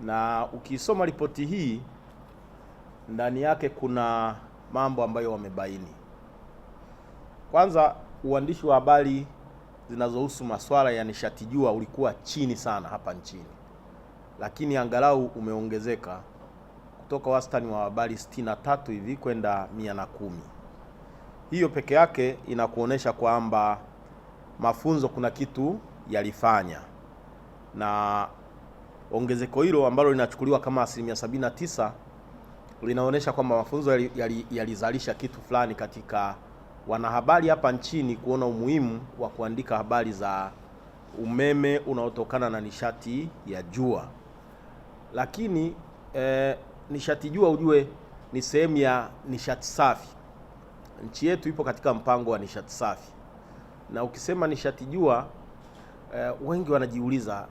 na ukisoma ripoti hii ndani yake kuna mambo ambayo wamebaini. Kwanza, uandishi wa habari zinazohusu masuala ya nishati jua ulikuwa chini sana hapa nchini, lakini angalau umeongezeka kutoka wastani wa habari 63 hivi kwenda 110. Hiyo peke yake inakuonyesha kwamba mafunzo kuna kitu yalifanya na ongezeko hilo ambalo linachukuliwa kama asilimia sabini na tisa linaonyesha kwamba mafunzo yalizalisha yali, yali kitu fulani katika wanahabari hapa nchini kuona umuhimu wa kuandika habari za umeme unaotokana na nishati ya jua. Lakini eh, nishati jua ujue ni sehemu ya nishati safi. Nchi yetu ipo katika mpango wa nishati safi, na ukisema nishati jua eh, wengi wanajiuliza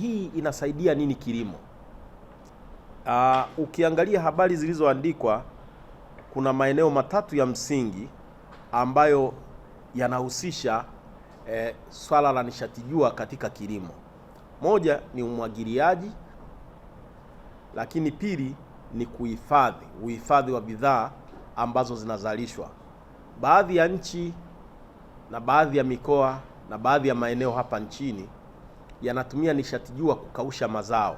hii inasaidia nini kilimo? Ah, ukiangalia habari zilizoandikwa kuna maeneo matatu ya msingi ambayo yanahusisha e, swala la nishati jua katika kilimo. Moja ni umwagiliaji, lakini pili ni kuhifadhi, uhifadhi wa bidhaa ambazo zinazalishwa. Baadhi ya nchi na baadhi ya mikoa na baadhi ya maeneo hapa nchini yanatumia nishati jua kukausha mazao,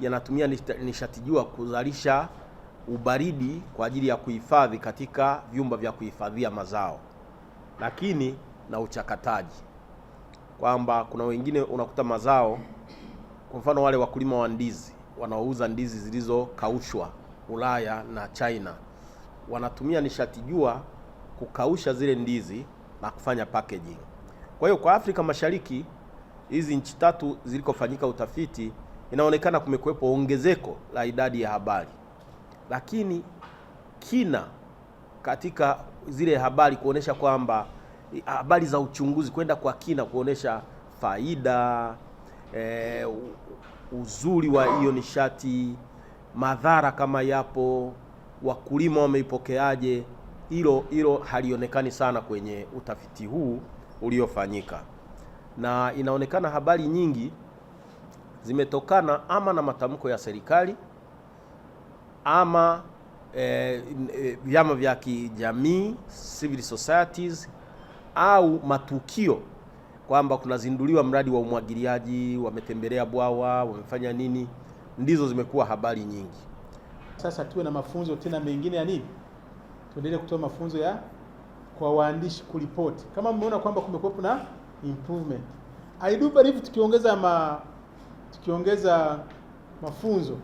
yanatumia nishati jua kuzalisha ubaridi kwa ajili ya kuhifadhi katika vyumba vya kuhifadhia mazao, lakini na uchakataji, kwamba kuna wengine unakuta mazao, kwa mfano wale wakulima wa ndizi wanaouza ndizi zilizokaushwa Ulaya na China, wanatumia nishati jua kukausha zile ndizi na kufanya packaging. Kwa hiyo kwa Afrika Mashariki hizi nchi tatu zilikofanyika utafiti, inaonekana kumekuwepo ongezeko la idadi ya habari, lakini kina katika zile habari kuonesha kwamba habari za uchunguzi kwenda kwa kina kuonesha faida e, uzuri wa hiyo nishati, madhara kama yapo, wakulima wameipokeaje, hilo hilo halionekani sana kwenye utafiti huu uliofanyika na inaonekana habari nyingi zimetokana ama na matamko ya serikali ama eh, eh, vyama e, e, vya kijamii civil societies au matukio kwamba kunazinduliwa mradi wa umwagiliaji, wametembelea bwawa, wamefanya nini, ndizo zimekuwa habari nyingi. Sasa tuwe na mafunzo tena mengine ya nini, tuendelee kutoa mafunzo ya kwa waandishi kuripoti, kama mmeona kwamba kumekuwepo na improvement. I do believe tukiongeza ma tukiongeza mafunzo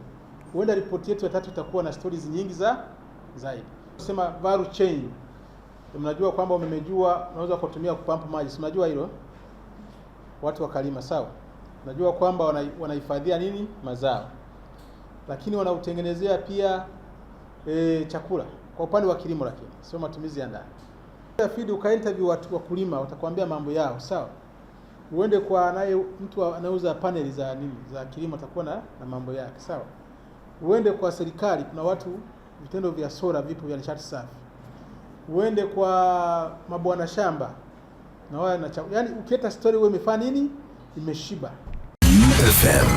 huenda ripoti yetu ya tatu itakuwa na stories nyingi za zaidi. Kusema value chain. Mnajua kwamba umemejua unaweza kutumia kupampa maji. Si mnajua hilo? Watu wakalima sawa. Unajua kwamba wanahifadhia nini mazao. Lakini wanautengenezea pia e, chakula kwa upande wa kilimo, lakini sio matumizi ya ndani field uka interview watu wakulima, watakwambia mambo yao sawa. Uende kwa naye mtu anauza paneli za nini za kilimo, atakuwa na, na mambo yake sawa. Uende kwa serikali, kuna watu vitendo vya sola vipo vya nishati safi. Uende kwa mabwana shamba na wao na yani, ukieta story wewe imefanya nini, imeshiba FM